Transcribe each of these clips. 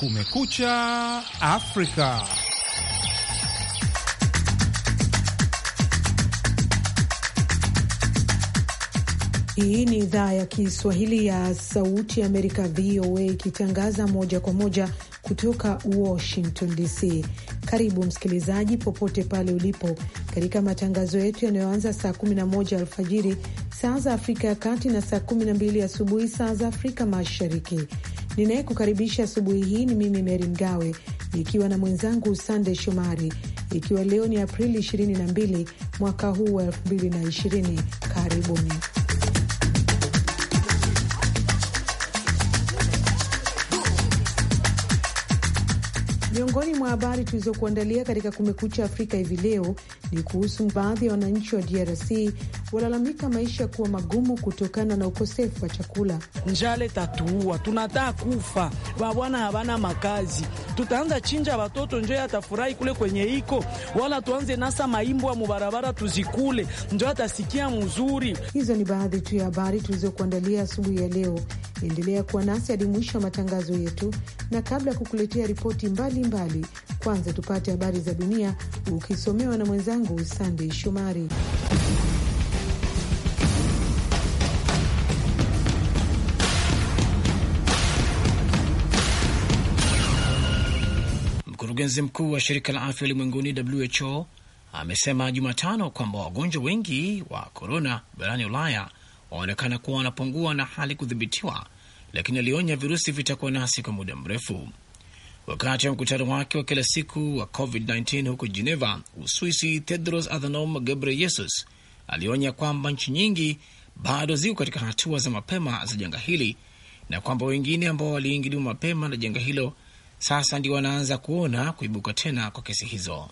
Kumekucha Afrika. Hii ni idhaa ya Kiswahili ya Sauti ya Amerika, VOA, ikitangaza moja kwa moja kutoka Washington DC. Karibu msikilizaji, popote pale ulipo, katika matangazo yetu yanayoanza saa 11 alfajiri saa za Afrika ya Kati na saa 12 asubuhi saa za Afrika Mashariki ninayekukaribisha asubuhi hii ni mimi Meri Mgawe nikiwa na mwenzangu Sande Shomari, ikiwa leo ni Aprili 22 mwaka huu wa 2020. Karibuni. Miongoni mwa habari tulizokuandalia katika Kumekucha Afrika hivi leo ni kuhusu baadhi ya wananchi wa DRC walalamika maisha kuwa magumu kutokana na ukosefu wa chakula. Njale tatuua, tunataa kufa, wabwana hawana makazi, tutaanza chinja watoto njo atafurahi kule kwenye iko, wala tuanze nasa maimbwa mubarabara tuzikule njo atasikia mzuri. Hizo ni baadhi tu ya habari tulizokuandalia asubuhi ya leo. Endelea kuwa nasi hadi mwisho wa matangazo yetu, na kabla ya kukuletea ripoti mbali mbalimbali. Kwanza tupate habari za dunia ukisomewa na mwenzangu Sandey Shomari. Mkurugenzi mkuu wa shirika la afya ulimwenguni WHO amesema Jumatano kwamba wagonjwa wengi wa korona barani Ulaya waonekana kuwa wanapungua na hali kudhibitiwa, lakini alionya virusi vitakuwa nasi kwa muda mrefu wakati wa mkutano wake wa kila siku wa COVID-19 huko Geneva, Uswisi. Tedros Adhanom Ghebreyesus alionya kwamba nchi nyingi bado ziko katika hatua za mapema za janga hili na kwamba wengine ambao waliingiliwa mapema na janga hilo sasa ndio wanaanza kuona kuibuka tena kwa kesi hizo.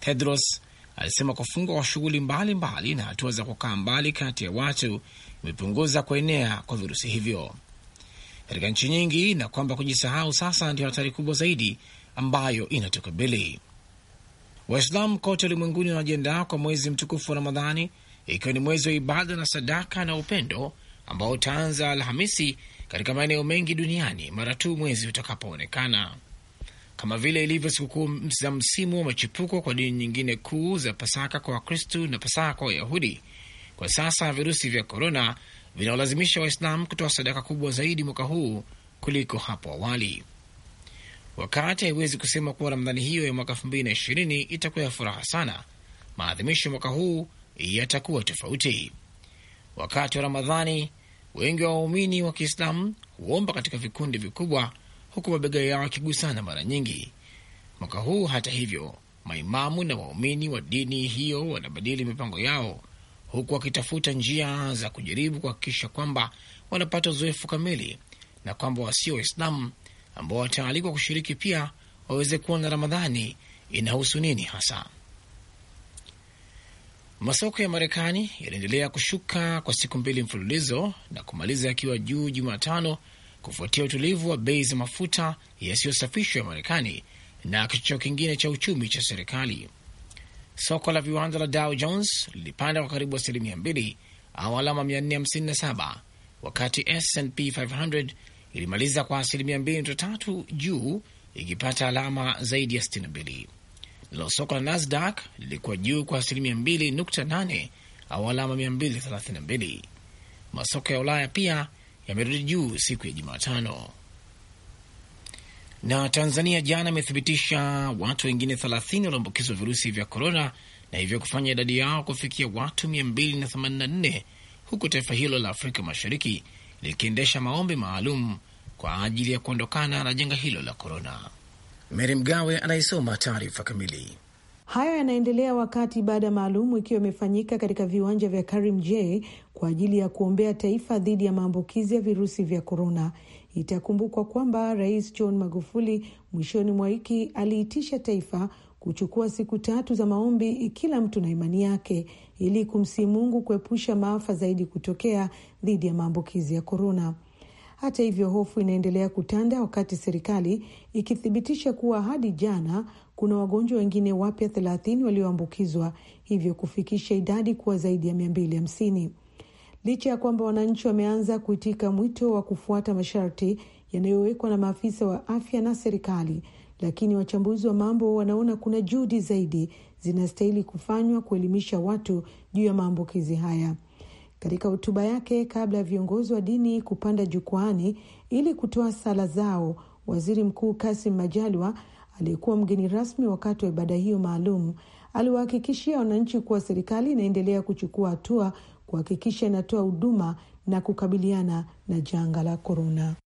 Tedros alisema kufungwa kwa shughuli mbalimbali na hatua za kukaa mbali kati ya watu imepunguza kuenea kwa virusi hivyo katika nchi nyingi, na kwamba kujisahau sasa ndio hatari kubwa zaidi ambayo inatukabili. Waislamu kote ulimwenguni wanajiandaa kwa mwezi mtukufu wa Ramadhani, ikiwa ni mwezi wa ibada na sadaka na upendo ambao utaanza Alhamisi katika maeneo mengi duniani mara tu mwezi utakapoonekana. Kama vile ilivyo sikukuu za msimu wa machipuko kwa dini nyingine kuu za Pasaka kwa Wakristu na Pasaka kwa Wayahudi, kwa sasa virusi vya korona vinaolazimisha Waislamu kutoa sadaka kubwa zaidi mwaka huu kuliko hapo awali. Wakati haiwezi kusema kuwa Ramadhani hiyo ya mwaka 2020 itakuwa ya furaha sana, maadhimisho mwaka huu yatakuwa tofauti. Wakati wa Ramadhani, wengi wa waumini wa Kiislamu huomba katika vikundi vikubwa, huku mabega yao yakigusana mara nyingi. Mwaka huu hata hivyo, maimamu na waumini wa dini hiyo wanabadili mipango yao huku wakitafuta njia za kujaribu kuhakikisha kwamba wanapata uzoefu kamili na kwamba wasio Waislamu ambao wataalikwa kushiriki pia waweze kuona Ramadhani inahusu nini hasa. Masoko ya Marekani yaliendelea kushuka kwa siku mbili mfululizo na kumaliza yakiwa juu Jumatano kufuatia utulivu wa bei za mafuta yasiyosafishwa ya Marekani na kichocheo kingine cha uchumi cha serikali. Soko la viwanda la Dow Jones lilipanda kwa karibu asilimia mbili au alama 457 wakati S&P 500 ilimaliza kwa asilimia 2.3 juu ikipata alama zaidi ya 62. Nalo soko la Nasdaq lilikuwa juu kwa asilimia 2.8 au alama 232. Masoko ya Ulaya pia yamerudi juu siku ya Jumatano. Na Tanzania jana imethibitisha watu wengine 30 walioambukizwa virusi vya korona na hivyo kufanya idadi yao kufikia watu 284 huku taifa hilo la Afrika Mashariki likiendesha maombi maalum kwa ajili ya kuondokana na janga hilo la korona. Meri Mgawe anayesoma taarifa kamili. Hayo yanaendelea wakati ibada maalum ikiwa imefanyika katika viwanja vya Karimjee kwa ajili ya kuombea taifa dhidi ya maambukizi ya virusi vya korona, Itakumbukwa kwamba Rais John Magufuli mwishoni mwa wiki aliitisha taifa kuchukua siku tatu za maombi, kila mtu na imani yake, ili kumsihi Mungu kuepusha maafa zaidi kutokea dhidi ya maambukizi ya korona. Hata hivyo, hofu inaendelea kutanda wakati serikali ikithibitisha kuwa hadi jana kuna wagonjwa wengine wapya thelathini walioambukizwa, hivyo kufikisha idadi kuwa zaidi ya 250 licha ya kwamba wananchi wameanza kuitika mwito wa kufuata masharti yanayowekwa na maafisa wa afya na serikali, lakini wachambuzi wa mambo wanaona kuna juhudi zaidi zinastahili kufanywa kuelimisha watu juu ya maambukizi haya. Katika hotuba yake kabla ya viongozi wa dini kupanda jukwaani ili kutoa sala zao, waziri mkuu Kasim Majaliwa aliyekuwa mgeni rasmi wakati wa ibada hiyo maalum aliwahakikishia wananchi kuwa serikali inaendelea kuchukua hatua kuhakikisha inatoa huduma na kukabiliana na janga la korona.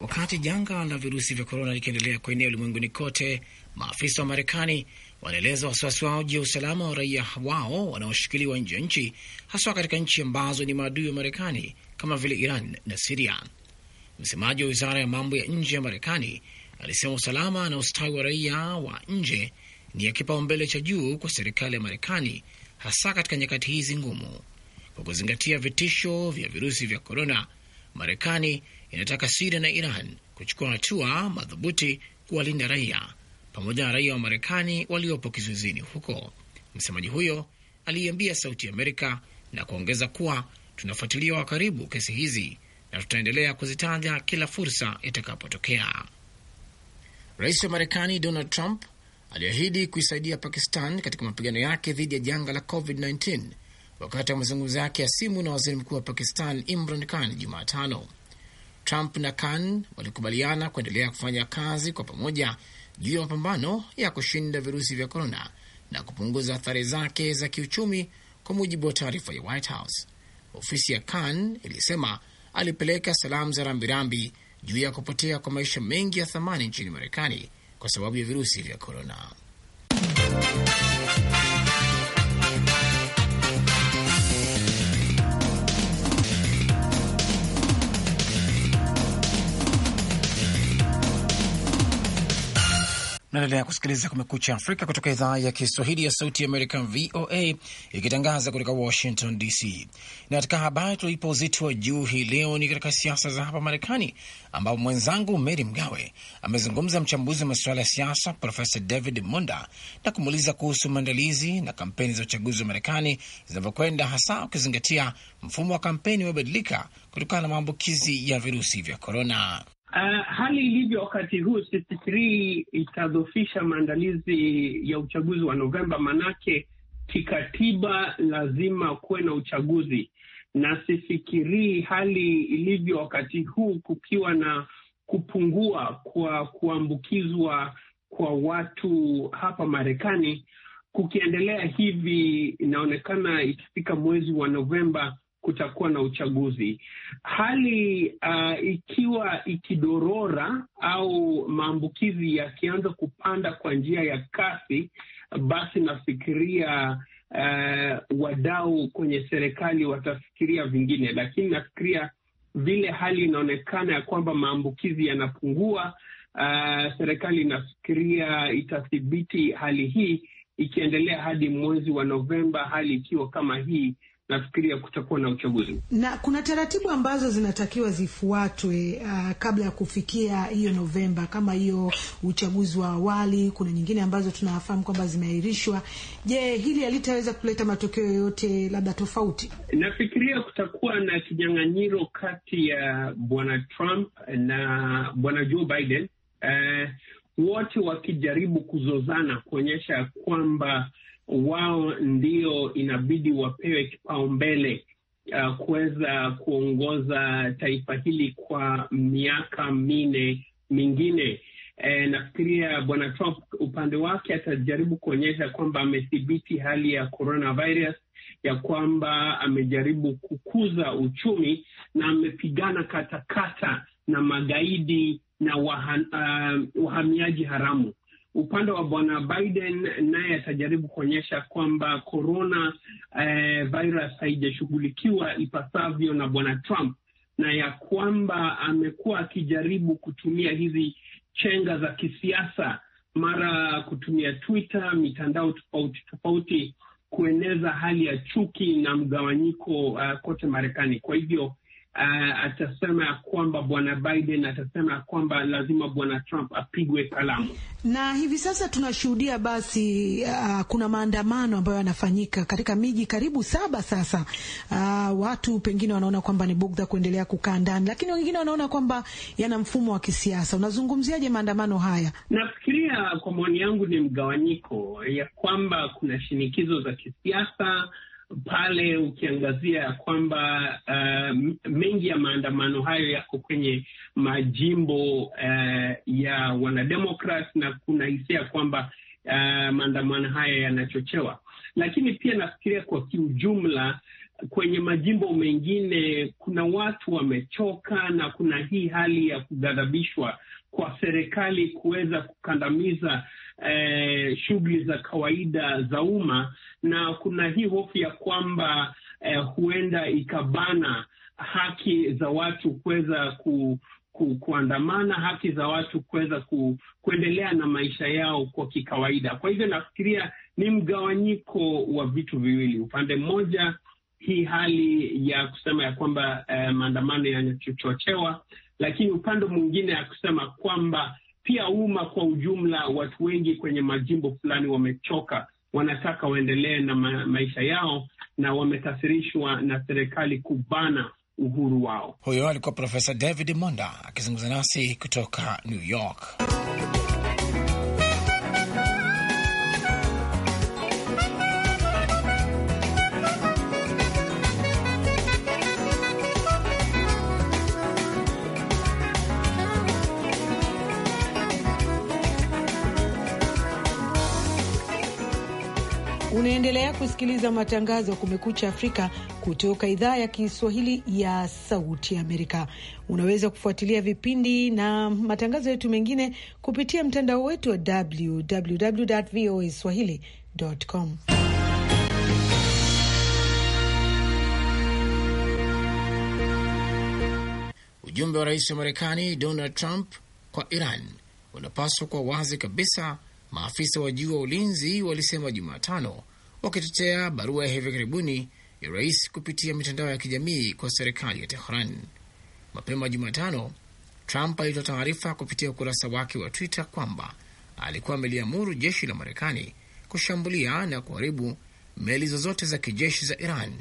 Wakati janga la virusi vya korona likiendelea kuenea ulimwenguni kote, maafisa wa Marekani wanaeleza wasiwasi wao juu ya usalama wa raia wao wanaoshikiliwa nje ya nchi, haswa katika nchi ambazo ni maadui wa Marekani kama vile Iran na Siria. Msemaji wa wizara ya mambo ya nje ya Marekani alisema usalama na ustawi wa raia wa nje ni ya kipaumbele cha juu kwa serikali ya Marekani, hasa katika nyakati hizi ngumu. Kwa kuzingatia vitisho vya virusi vya korona, Marekani inataka Siria na Iran kuchukua hatua madhubuti kuwalinda raia pamoja na raia wa Marekani waliopo kizuizini huko. Msemaji huyo aliiambia Sauti Amerika na kuongeza kuwa tunafuatilia kwa karibu kesi hizi na tutaendelea kuzitaja kila fursa itakapotokea. Rais wa Marekani Donald Trump aliahidi kuisaidia Pakistan katika mapigano yake dhidi ya janga la COVID-19 wakati wa mazungumzo yake ya simu na waziri mkuu wa Pakistan Imran Khan Jumatano. Trump na Khan walikubaliana kuendelea kufanya kazi kwa pamoja juu ya mapambano ya kushinda virusi vya korona na kupunguza athari zake za kiuchumi, kwa mujibu wa taarifa ya White House. Ofisi ya Khan ilisema alipeleka salamu za rambirambi juu ya kupotea kwa maisha mengi ya thamani nchini Marekani kwa sababu ya virusi vya korona. Naendelea kusikiliza Kumekucha Afrika kutoka idhaa ya Kiswahili ya Sauti ya Amerika, VOA, ikitangaza kutoka Washington DC. Na katika habari tulipo uzito wa juu hii leo ni katika siasa za hapa Marekani, ambapo mwenzangu Mary Mgawe amezungumza mchambuzi wa masuala ya siasa Profesa David munda na kumuuliza kuhusu maandalizi na kampeni za uchaguzi wa Marekani zinavyokwenda, hasa ukizingatia mfumo wa kampeni umebadilika kutokana na maambukizi ya virusi vya korona. Uh, hali ilivyo wakati huu sifikirii itadhofisha maandalizi ya uchaguzi wa Novemba, manake kikatiba lazima kuwe na uchaguzi, na sifikirii hali ilivyo wakati huu kukiwa na kupungua kwa kuambukizwa kwa watu hapa Marekani. Kukiendelea hivi, inaonekana ikifika mwezi wa Novemba kutakuwa na uchaguzi. Hali uh, ikiwa ikidorora au maambukizi yakianza kupanda kwa njia ya kasi, basi nafikiria uh, wadau kwenye serikali watafikiria vingine, lakini nafikiria vile hali inaonekana ya kwamba maambukizi yanapungua, uh, serikali inafikiria itathibiti hali hii ikiendelea hadi mwezi wa Novemba, hali ikiwa kama hii nafikiria kutakuwa na uchaguzi na kuna taratibu ambazo zinatakiwa zifuatwe uh, kabla ya kufikia hiyo Novemba, kama hiyo uchaguzi wa awali. Kuna nyingine ambazo tunafahamu kwamba zimeahirishwa. Je, hili halitaweza kuleta matokeo yoyote labda tofauti? Nafikiria kutakuwa na kinyang'anyiro kati ya bwana Trump na bwana Joe Biden, uh, wote wakijaribu kuzozana kuonyesha kwamba wao ndio inabidi wapewe kipaumbele uh, kuweza kuongoza taifa hili kwa miaka minne mingine. E, nafikiria bwana Trump upande wake atajaribu kuonyesha kwamba amethibiti hali ya coronavirus, ya kwamba amejaribu kukuza uchumi na amepigana katakata na magaidi na wahan, uh, wahamiaji haramu upande wa bwana Biden naye atajaribu kuonyesha kwamba corona eh, virus haijashughulikiwa ipasavyo na bwana Trump na ya kwamba amekuwa akijaribu kutumia hizi chenga za kisiasa, mara kutumia Twitter, mitandao tofauti tofauti, kueneza hali ya chuki na mgawanyiko uh, kote Marekani. Kwa hivyo uh, atasema ya kwamba bwana Biden atasema ya kwamba lazima bwana Trump apigwe kalamu. Na hivi sasa tunashuhudia basi, uh, kuna maandamano ambayo yanafanyika katika miji karibu saba sasa. Uh, watu pengine wanaona kwamba ni bugdha kuendelea kukaa ndani, lakini wengine wanaona kwamba yana mfumo wa kisiasa. Unazungumziaje maandamano haya? Nafikiria kwa maoni yangu ni mgawanyiko ya kwamba kuna shinikizo za kisiasa pale ukiangazia ya kwamba uh, mengi ya maandamano hayo yako kwenye majimbo uh, ya wanademokrat na kuna hisia ya kwamba uh, maandamano haya yanachochewa, lakini pia nafikiria kwa kiujumla kwenye majimbo mengine kuna watu wamechoka na kuna hii hali ya kughadhabishwa kwa serikali kuweza kukandamiza eh, shughuli za kawaida za umma, na kuna hii hofu ya kwamba eh, huenda ikabana haki za watu kuweza ku, ku, kuandamana, haki za watu kuweza ku, kuendelea na maisha yao kwa kikawaida. Kwa hivyo nafikiria ni mgawanyiko wa vitu viwili, upande mmoja hii hali ya kusema ya kwamba eh, maandamano yanachochewa lakini upande mwingine kusema kwamba pia umma kwa ujumla, watu wengi kwenye majimbo fulani wamechoka, wanataka waendelee na ma maisha yao na wametasirishwa na serikali kubana uhuru wao. Huyo alikuwa Profesa David Monda akizungumza nasi kutoka New York. Unaendelea kusikiliza matangazo ya Kumekucha Afrika kutoka idhaa ya Kiswahili ya Sauti Amerika. Unaweza kufuatilia vipindi na matangazo yetu mengine kupitia mtandao wetu wa www voa swahili.com. Ujumbe wa rais wa Marekani Donald Trump kwa Iran unapaswa kuwa wazi kabisa maafisa wa juu wa ulinzi walisema Jumatano, wakitetea barua ya hivi karibuni ya rais kupitia mitandao ya kijamii kwa serikali ya Tehran. Mapema Jumatano, Trump alitoa taarifa kupitia ukurasa wake wa Twitter kwamba alikuwa ameliamuru jeshi la Marekani kushambulia na kuharibu meli zozote za kijeshi za Iran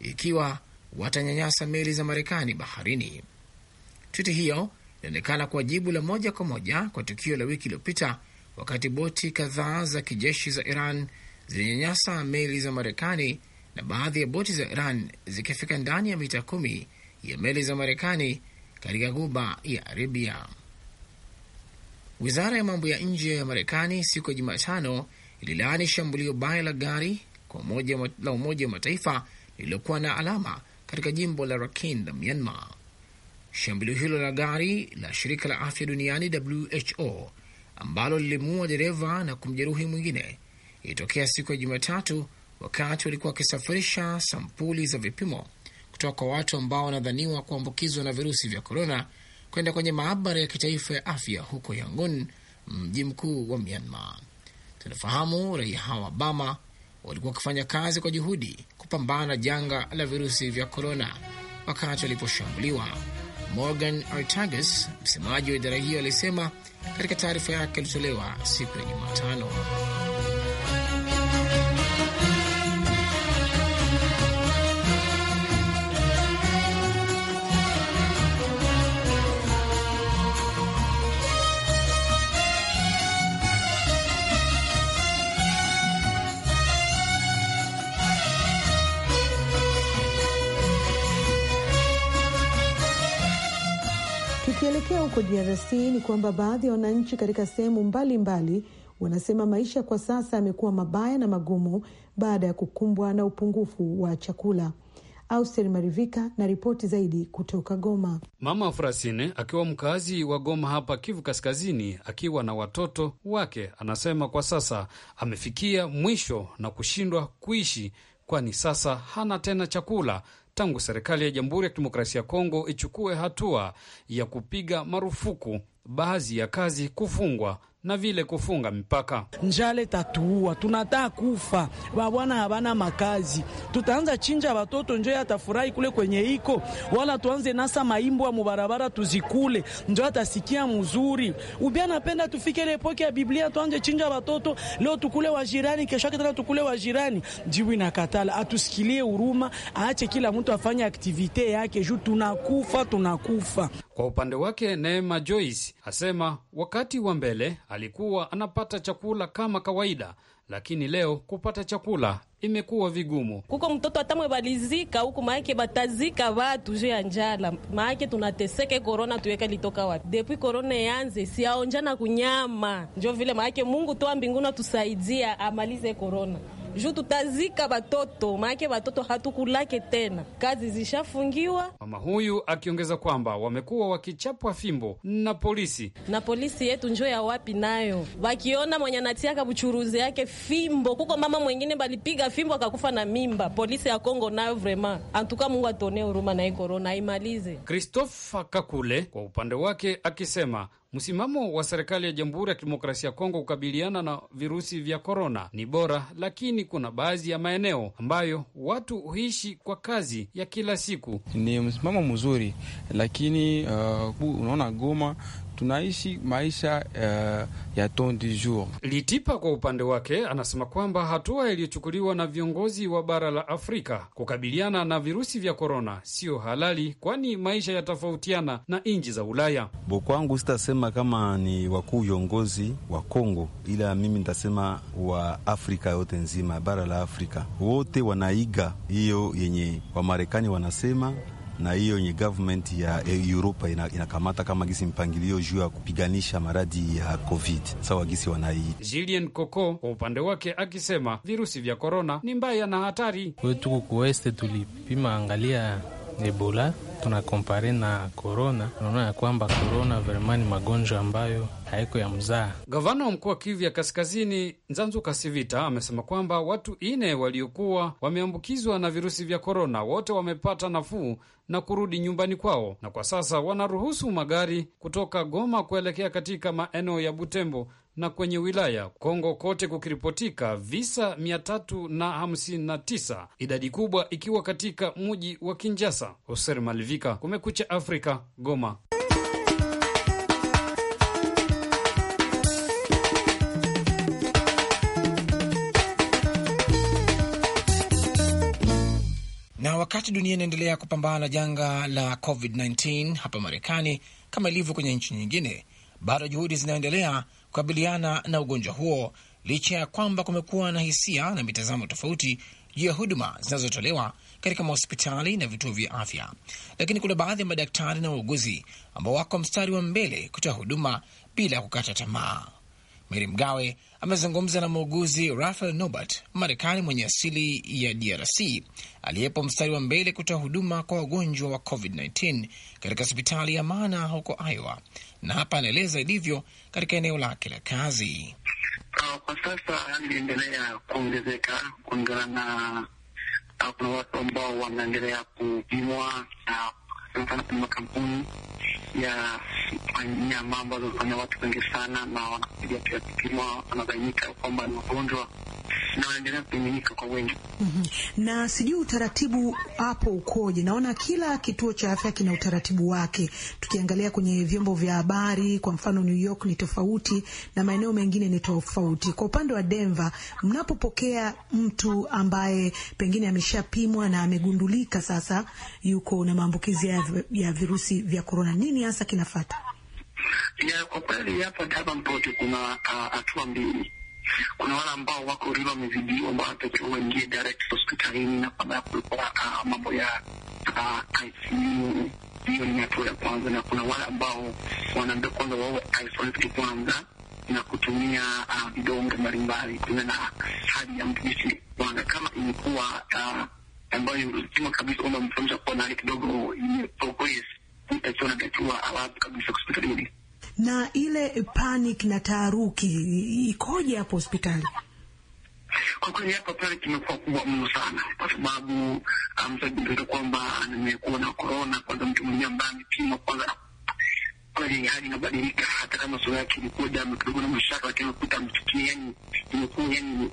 ikiwa watanyanyasa meli za Marekani baharini. Twiti hiyo inaonekana kuwa jibu la moja kwa moja kwa tukio la wiki iliyopita wakati boti kadhaa za kijeshi za Iran zilinyanyasa meli za Marekani na baadhi ya boti za Iran zikifika ndani ya mita kumi ya meli za Marekani katika guba ya Arabia. Wizara ya mambo ya nje ya Marekani siku ya Jumatano ililaani shambulio baya la gari la Umoja wa Mataifa lililokuwa na alama katika jimbo la Rakhine la Myanmar. Shambulio hilo la gari la shirika la afya duniani WHO ambalo lilimuua dereva na kumjeruhi mwingine ilitokea siku ya Jumatatu wakati walikuwa wakisafirisha sampuli za vipimo kutoka kwa watu ambao wanadhaniwa kuambukizwa na virusi vya korona kwenda kwenye maabara ya kitaifa ya afya huko Yangon, mji mkuu wa Myanmar. Tunafahamu raia hawa wa Bama walikuwa wakifanya kazi kwa juhudi kupambana janga la virusi vya korona wakati waliposhambuliwa Morgan Artagas, msemaji wa idara hiyo, alisema katika taarifa yake iliyotolewa siku ya Jumatano. huko DRC ni kwamba baadhi ya wananchi katika sehemu mbalimbali wanasema maisha kwa sasa yamekuwa mabaya na magumu baada ya kukumbwa na upungufu wa chakula. Auster Marivika na ripoti zaidi kutoka Goma. Mama Frasine akiwa mkazi wa Goma hapa Kivu Kaskazini, akiwa na watoto wake, anasema kwa sasa amefikia mwisho na kushindwa kuishi, kwani sasa hana tena chakula tangu serikali ya Jamhuri ya Kidemokrasia ya Kongo ichukue hatua ya kupiga marufuku baadhi ya kazi kufungwa na vile kufunga mipaka. Njale tatuua, tunataa kufa, wabwana habana makazi, tutaanza chinja watoto njo atafurahi kule kwenye iko, wala tuanze nasa maimbwa mubarabara tuzikule, njo atasikia mzuri. Ubia napenda tufike ile epoke ya Biblia, tuanze chinja watoto leo, tukule wa jirani, kesho yake tukule wa jirani. Jibu inakatala, atusikilie huruma, aache kila mtu afanye aktivite yake juu tunakufa, tunakufa. Kwa upande wake Neema Joyce asema wakati wa mbele alikuwa anapata chakula kama kawaida, lakini leo kupata chakula imekuwa vigumu. Kuko mtoto atamwe balizika huku, maake batazika watu ju ya njala, maake tunateseke. Korona tuweke litoka wapi? Depuis korona yanze siaonjana kunyama, njo vile maake Mungu toa mbinguni atusaidia amalize korona juu tutazika batoto, maake batoto hatukulake tena, kazi zishafungiwa. Mama huyu akiongeza kwamba wamekuwa wakichapwa fimbo na polisi, na polisi yetu njo ya wapi nayo, wakiona mwenye anatiaka buchuruzi yake fimbo. Kuko mama mwengine balipiga fimbo akakufa na mimba. Polisi ya Kongo nayo vrema antuka, Mungu atone huruma na hii korona aimalize. Christopher Kakule kwa upande wake akisema Msimamo wa serikali ya Jamhuri ya Kidemokrasia ya Kongo kukabiliana na virusi vya korona ni bora, lakini kuna baadhi ya maeneo ambayo watu huishi kwa kazi ya kila siku. Ni msimamo mzuri, lakini uh, unaona Goma tunaishi maisha uh, ya tondi jour. Litipa kwa upande wake anasema kwamba hatua iliyochukuliwa na viongozi wa bara la Afrika kukabiliana na virusi vya korona siyo halali, kwani maisha yatofautiana na nchi za Ulaya. Bo kwangu sitasema kama ni wakuu viongozi wa Kongo, ila mimi nitasema wa Afrika yote nzima, bara la Afrika wote wanaiga hiyo yenye Wamarekani wanasema na hiyo yenye government ya Europa inakamata ina kama gisi mpangilio juu ya kupiganisha maradhi ya COVID sawa gisi wanai. Julien Coco kwa upande wake akisema virusi vya korona ni mbaya na hatari kwetu. Kuweste tulipima angalia Ebola tunakompare na korona, unaona ya kwamba korona verema ni magonjwa ambayo haiko ya mzaa. Gavana wa mkoa wa Kivu ya Kaskazini, Nzanzu Kasivita, amesema kwamba watu ine waliokuwa wameambukizwa na virusi vya korona wote wamepata nafuu na kurudi nyumbani kwao, na kwa sasa wanaruhusu magari kutoka Goma kuelekea katika maeneo ya Butembo na kwenye wilaya Kongo kote kukiripotika visa 359 idadi kubwa ikiwa katika mji wa Kinjasa. Hoser Malivika, Kumekucha Afrika, Goma. Wakati dunia inaendelea kupambana na janga la COVID-19 hapa Marekani kama ilivyo kwenye nchi nyingine, bado juhudi zinaendelea kukabiliana na ugonjwa huo, licha ya kwamba kumekuwa na hisia na mitazamo tofauti juu ya huduma zinazotolewa katika mahospitali na vituo vya afya. Lakini kuna baadhi ya madaktari na wauguzi ambao wako mstari wa mbele kutoa huduma bila kukata tamaa. Mary Mgawe amezungumza na muuguzi Rafael Nobert, Marekani mwenye asili ya DRC aliyepo mstari wa mbele kutoa huduma kwa wagonjwa wa COVID-19 katika hospitali ya Mana huko Iowa, na hapa anaeleza ilivyo katika eneo lake la kazi. Uh, kwa sasa hali endelea kuongezeka kulingana na uh, kuna watu ambao wanaendelea kupimwa na makampuni ya nyama ambazo hufanya watu wengi sana, na wanakuja pia kupimwa, wanabainika kwamba ni wagonjwa na wanaendelea kumiminika kwa wengi. mm -hmm. Na sijui utaratibu hapo ukoje? Naona kila kituo cha afya kina utaratibu wake. Tukiangalia kwenye vyombo vya habari, kwa mfano New York ni tofauti na maeneo mengine ni tofauti. Kwa upande wa Denver, mnapopokea mtu ambaye pengine ameshapimwa na amegundulika sasa yuko na maambukizi ya virusi vya korona, nini hasa kinafata? Ya, kwa kweli hapa Davenport kuna ah, hatua mbili kuna wale ambao wako riva wamezidiwa, ambao watakiwa waingie direct hospitalini na kabla ya kulikuwa ah, mambo ya ah, ICU. Hiyo ni hatua ya kwanza, na kuna wale ambao wanaambia kwanza wawe isolated kwanza na kutumia ah, vidonge mbalimbali kulingana na hali ya mtumishi kwanza, kama ilikuwa ambayo lazima kabisa kwamba mtu kuwa na hali kidogo imeprogress, mtu akiwa anatakiwa alafu kabisa hospitalini. Na ile panic na taharuki ikoje hapo hospitali? Kwa kweli hapa pale kimekuwa kubwa mno sana, kwa sababu msajili um, kwamba nimekuwa na korona, kwanza mtu mwenyewe ambaye amepimwa kwanza kweli hali inabadilika. Hata kama sura yake ilikuwa damu kidogo na mashaka, lakini ukuta mtukini, yani imekuwa yani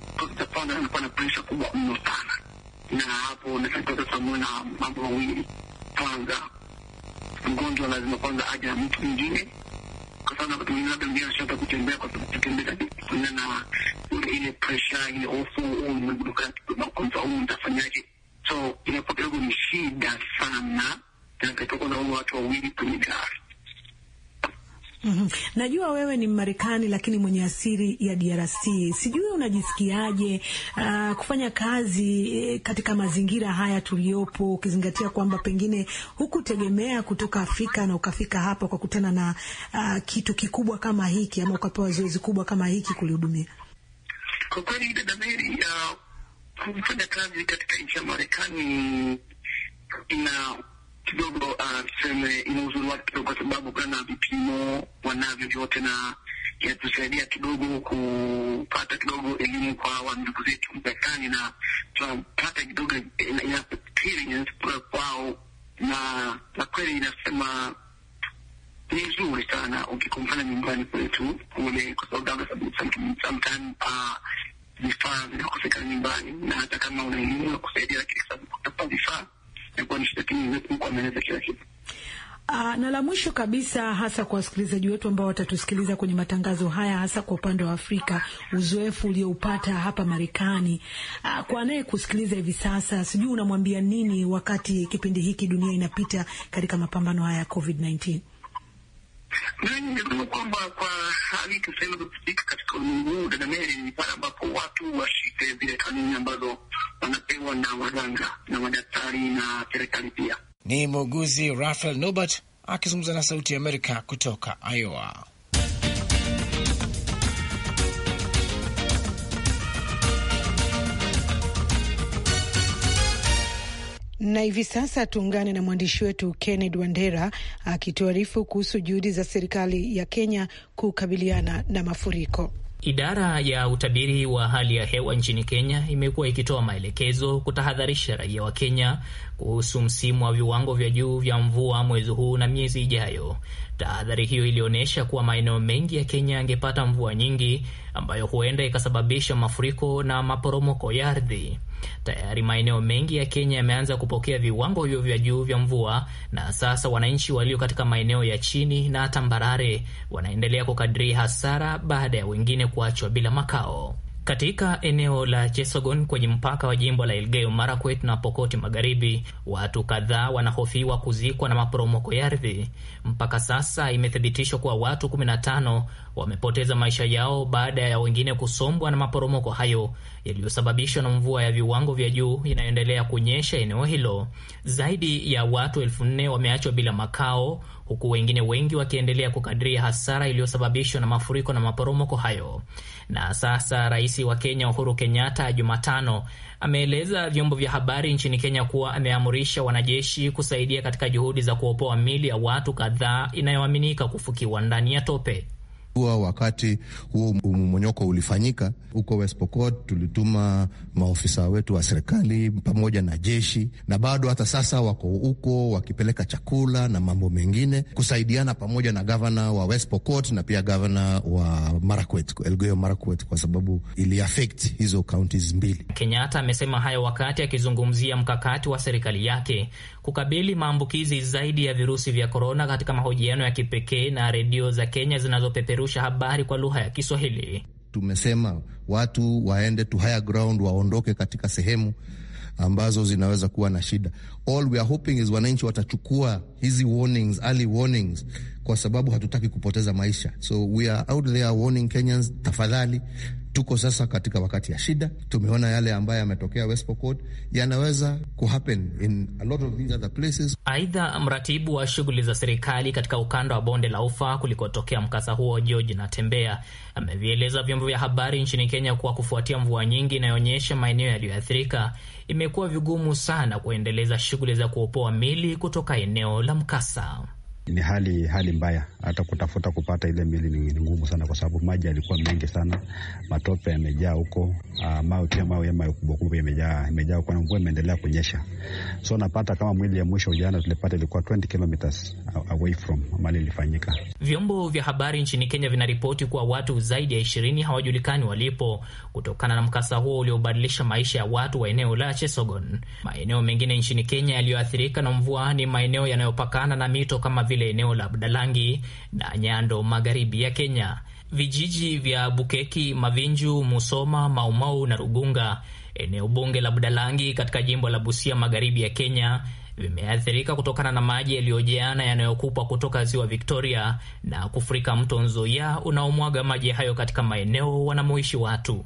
kwanza anakuwa na presha kubwa mno sana. Na hapo nasema samue na mambo mawili. Kwanza mgonjwa lazima kwanza aje na mtu mwingine kwa sababu wakati mwingine labda mjana shapa kutembea kwa kutembea kuna na ile presha ile hofu, umeguduka oh, kwanza, huu nitafanyaje? So inakuwa kidogo ni shida sana, na katoka na watu wawili kwenye gari Mm -hmm. Najua wewe ni marekani lakini mwenye asili ya DRC. Sijui unajisikiaje uh, kufanya kazi eh, katika mazingira haya tuliyopo ukizingatia kwamba pengine hukutegemea kutoka Afrika na ukafika hapa kwa kutana na uh, kitu kikubwa kama hiki ama ukapewa zoezi kubwa kama hiki kulihudumia. Kwa kweli dhamiri ya uh, kufanya kazi katika nchi ya Marekani ina kidogo uh, tuseme ina uzuri wake kidogo, kwa sababu kuna vipimo wanavyo vyote na inatusaidia kidogo kupata kidogo elimu kwa wandugu zetu Marekani, na tunapata kidogo ina experience kutoka kwao, na na kweli inasema ni nzuri sana ukikumfana nyumbani kwetu kule, kwa sababu sometimes uh, vifaa vinakosekana nyumbani, na hata kama una elimu ya kusaidia, lakini kwa sababu kutakuwa vifaa ilikuwa ni lakini Mungu ameleta kila kitu. Uh, na la mwisho kabisa hasa kwa wasikilizaji wetu ambao watatusikiliza kwenye matangazo haya hasa kwa upande wa Afrika, uzoefu ulioupata hapa Marekani, uh, kwa anayekusikiliza hivi sasa, sijui unamwambia nini wakati kipindi hiki dunia inapita katika mapambano haya ya COVID-19? na ningesema kwamba kwa hali tuseme kufika katika ulimwengu huu, dada Meri, ni pale ambapo watu washike zile kanuni ambazo wanapewa na waganga na madaktari na serikali pia. Ni muuguzi Rafael Nobert akizungumza na Sauti ya Amerika kutoka Iowa. Na hivi sasa tuungane na mwandishi wetu Kenneth Wandera akituarifu kuhusu juhudi za serikali ya Kenya kukabiliana na mafuriko. Idara ya utabiri wa hali ya hewa nchini Kenya imekuwa ikitoa maelekezo kutahadharisha raia wa Kenya kuhusu msimu wa viwango vya juu vya mvua mwezi huu na miezi ijayo. Tahadhari hiyo ilionyesha kuwa maeneo mengi ya Kenya yangepata mvua nyingi ambayo huenda ikasababisha mafuriko na maporomoko ya ardhi. Tayari maeneo mengi ya Kenya yameanza kupokea viwango hivyo vya juu vya mvua, na sasa wananchi walio katika maeneo ya chini na tambarare wanaendelea kukadiria hasara baada ya wengine kuachwa bila makao. Katika eneo la Chesogon kwenye mpaka wa jimbo la Elgeyo Marakwet na Pokoti Magharibi, watu kadhaa wanahofiwa kuzikwa na maporomoko ya ardhi. Mpaka sasa imethibitishwa kuwa watu 15 wamepoteza maisha yao baada ya wengine kusombwa na maporomoko hayo yaliyosababishwa na mvua ya viwango vya juu inayoendelea kunyesha eneo hilo. Zaidi ya watu elfu nne wameachwa bila makao huku wengine wengi wakiendelea kukadiria hasara iliyosababishwa na mafuriko na maporomoko hayo. Na sasa rais wa Kenya Uhuru Kenyatta Jumatano ameeleza vyombo vya habari nchini Kenya kuwa ameamurisha wanajeshi kusaidia katika juhudi za kuopoa mili ya watu kadhaa inayoaminika kufukiwa ndani ya tope kuwa wakati huo mmonyoko ulifanyika huko West Pokot, tulituma maofisa wetu wa serikali pamoja na jeshi, na bado hata sasa wako huko wakipeleka chakula na mambo mengine kusaidiana pamoja na gavana wa West Pokot na pia gavana wa Marakwet, Elgeyo Marakwet, kwa sababu iliafect hizo kaunti mbili. Kenyatta amesema hayo wakati akizungumzia mkakati wa serikali yake kukabili maambukizi zaidi ya virusi vya korona katika mahojiano ya kipekee na redio za Kenya zinazopeperusha habari kwa lugha ya Kiswahili. Tumesema watu waende to higher ground, waondoke katika sehemu ambazo zinaweza kuwa na shida. All we are hoping is wananchi watachukua hizi warnings, early warnings, kwa sababu hatutaki kupoteza maisha. So we are out there warning Kenyans, tafadhali Tuko sasa katika wakati ya shida. Tumeona yale ambayo yametokea West Pokot, yanaweza kuhappen in a lot of these other places. Aidha, mratibu wa shughuli za serikali katika ukanda wa bonde la ufa kulikotokea mkasa huo, George Natembea, amevieleza vyombo vya habari nchini Kenya kuwa kufuatia mvua nyingi inayoonyesha maeneo yaliyoathirika, imekuwa vigumu sana kuendeleza shughuli za kuopoa mili kutoka eneo la mkasa. Ni hali hali mbaya, hata kutafuta kupata ile mili ni ngumu sana, kwa sababu maji yalikuwa mengi sana, matope yamejaa huko, ah, mawe pia mawe yama kubwa kubwa yamejaa yamejaa huko, na mvua imeendelea kunyesha. So napata kama mwili ya mwisho ujana tulipata ilikuwa 20 kilometers away from mali ilifanyika. Vyombo vya habari nchini Kenya vinaripoti kuwa watu zaidi ya 20 hawajulikani walipo kutokana na mkasa huo uliobadilisha maisha ya watu wa eneo la Chesogon. Maeneo mengine nchini Kenya yaliyoathirika na mvua ni maeneo yanayopakana na mito kama vile eneo la Budalangi na Nyando magharibi ya Kenya. Vijiji vya Bukeki, Mavinju, Musoma, Maumau na Rugunga, eneo bunge la Budalangi katika jimbo la Busia magharibi ya Kenya vimeathirika kutokana na maji yaliyojeana yanayokupwa kutoka ziwa Victoria na kufurika mto Nzoia unaomwaga maji hayo katika maeneo wanamoishi watu.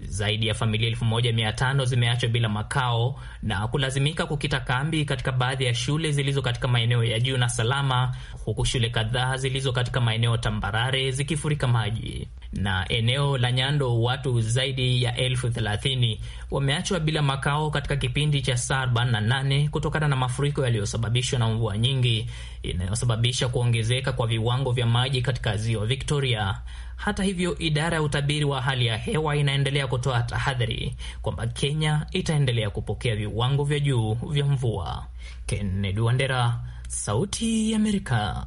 Zaidi ya familia elfu moja mia tano zimeachwa bila makao na kulazimika kukita kambi katika baadhi ya shule zilizo katika maeneo ya juu na salama, huku shule kadhaa zilizo katika maeneo tambarare zikifurika maji na eneo la Nyando, watu zaidi ya elfu thelathini wameachwa bila makao katika kipindi cha saa 48 kutokana na mafuriko yaliyosababishwa na mvua nyingi inayosababisha kuongezeka kwa viwango vya maji katika ziwa Victoria. Hata hivyo, idara ya utabiri wa hali ya hewa inaendelea kutoa tahadhari kwamba Kenya itaendelea kupokea viwango vya juu vya mvua. Kennedy Wandera, Sauti ya Amerika,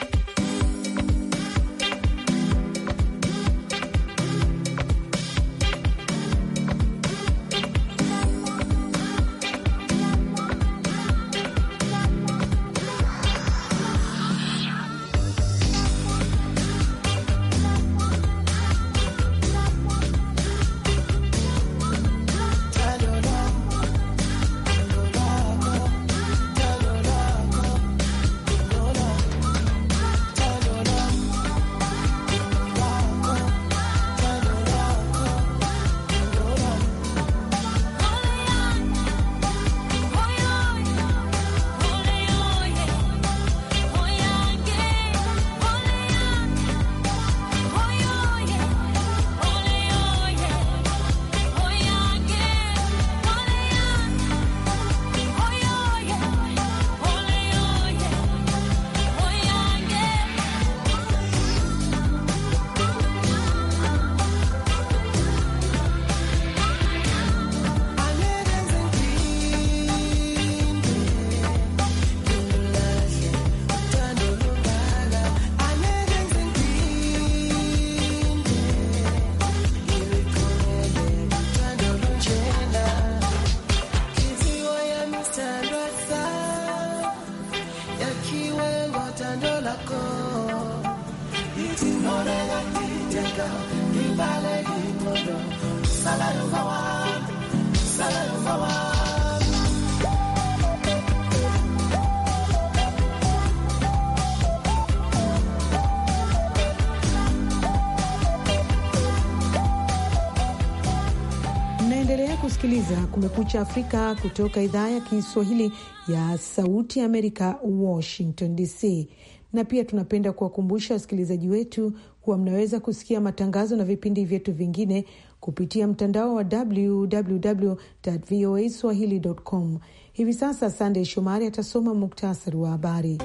Kumekucha Afrika kutoka idhaa ya Kiswahili ya Sauti ya Amerika, Washington DC. Na pia tunapenda kuwakumbusha wasikilizaji wetu kuwa mnaweza kusikia matangazo na vipindi vyetu vingine kupitia mtandao wa www www.voaswahili.com. Hivi sasa Sandey Shomari atasoma muktasari wa habari.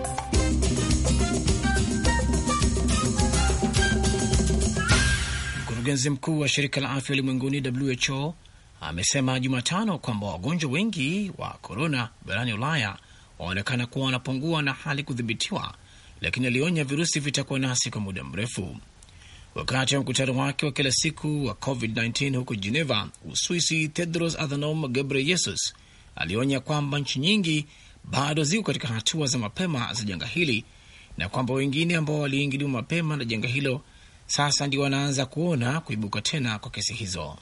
Mkurugenzi mkuu wa shirika la afya ulimwenguni WHO amesema Jumatano kwamba wagonjwa wengi wa korona barani Ulaya waonekana kuwa wanapungua na hali kudhibitiwa, lakini alionya virusi vitakuwa nasi kwa muda mrefu. Wakati wa mkutano wake wa kila siku wa COVID-19 huko Geneva, Uswisi, Tedros Adhanom Ghebreyesus alionya kwamba nchi nyingi bado ziko katika hatua za mapema za janga hili na kwamba wengine ambao waliingiliwa mapema na janga hilo sasa ndio wanaanza kuona kuibuka tena kwa kesi hizo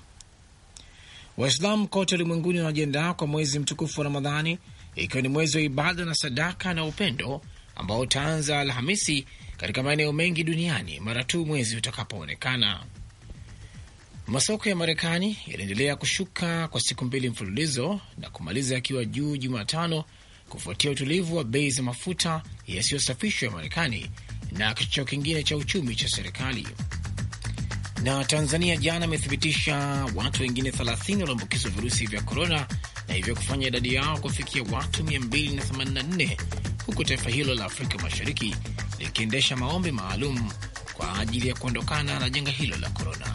waislam kote ulimwenguni wanajiandaa kwa mwezi mtukufu wa Ramadhani, ikiwa ni mwezi wa ibada na sadaka na upendo ambao utaanza Alhamisi katika maeneo mengi duniani mara tu mwezi utakapoonekana. Masoko ya Marekani yaliendelea kushuka kwa siku mbili mfululizo na kumaliza yakiwa juu Jumatano kufuatia utulivu wa bei za mafuta yasiyosafishwa ya Marekani na kichocheo kingine cha uchumi cha serikali. Na Tanzania jana imethibitisha watu wengine 30 walioambukizwa virusi vya korona na hivyo kufanya idadi yao kufikia watu 284 huku taifa hilo la Afrika Mashariki likiendesha maombi maalum kwa ajili ya kuondokana na janga hilo la korona.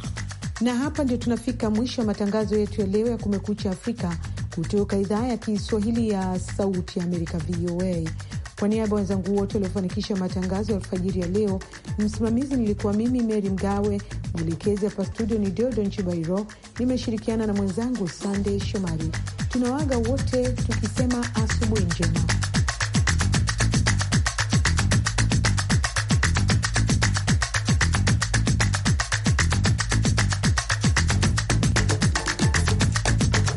Na hapa ndio tunafika mwisho wa matangazo yetu ya leo ya Kumekucha Afrika kutoka idhaa ya Kiswahili ya Sauti ya Amerika, VOA. Kwa niaba wenzangu wote waliofanikisha matangazo ya alfajiri ya leo, msimamizi nilikuwa mimi Meri Mgawe, mwelekezi hapa studio ni Deodo Nchibairo, nimeshirikiana na mwenzangu Sandey Shomari. Tunawaaga wote tukisema asubuhi njema.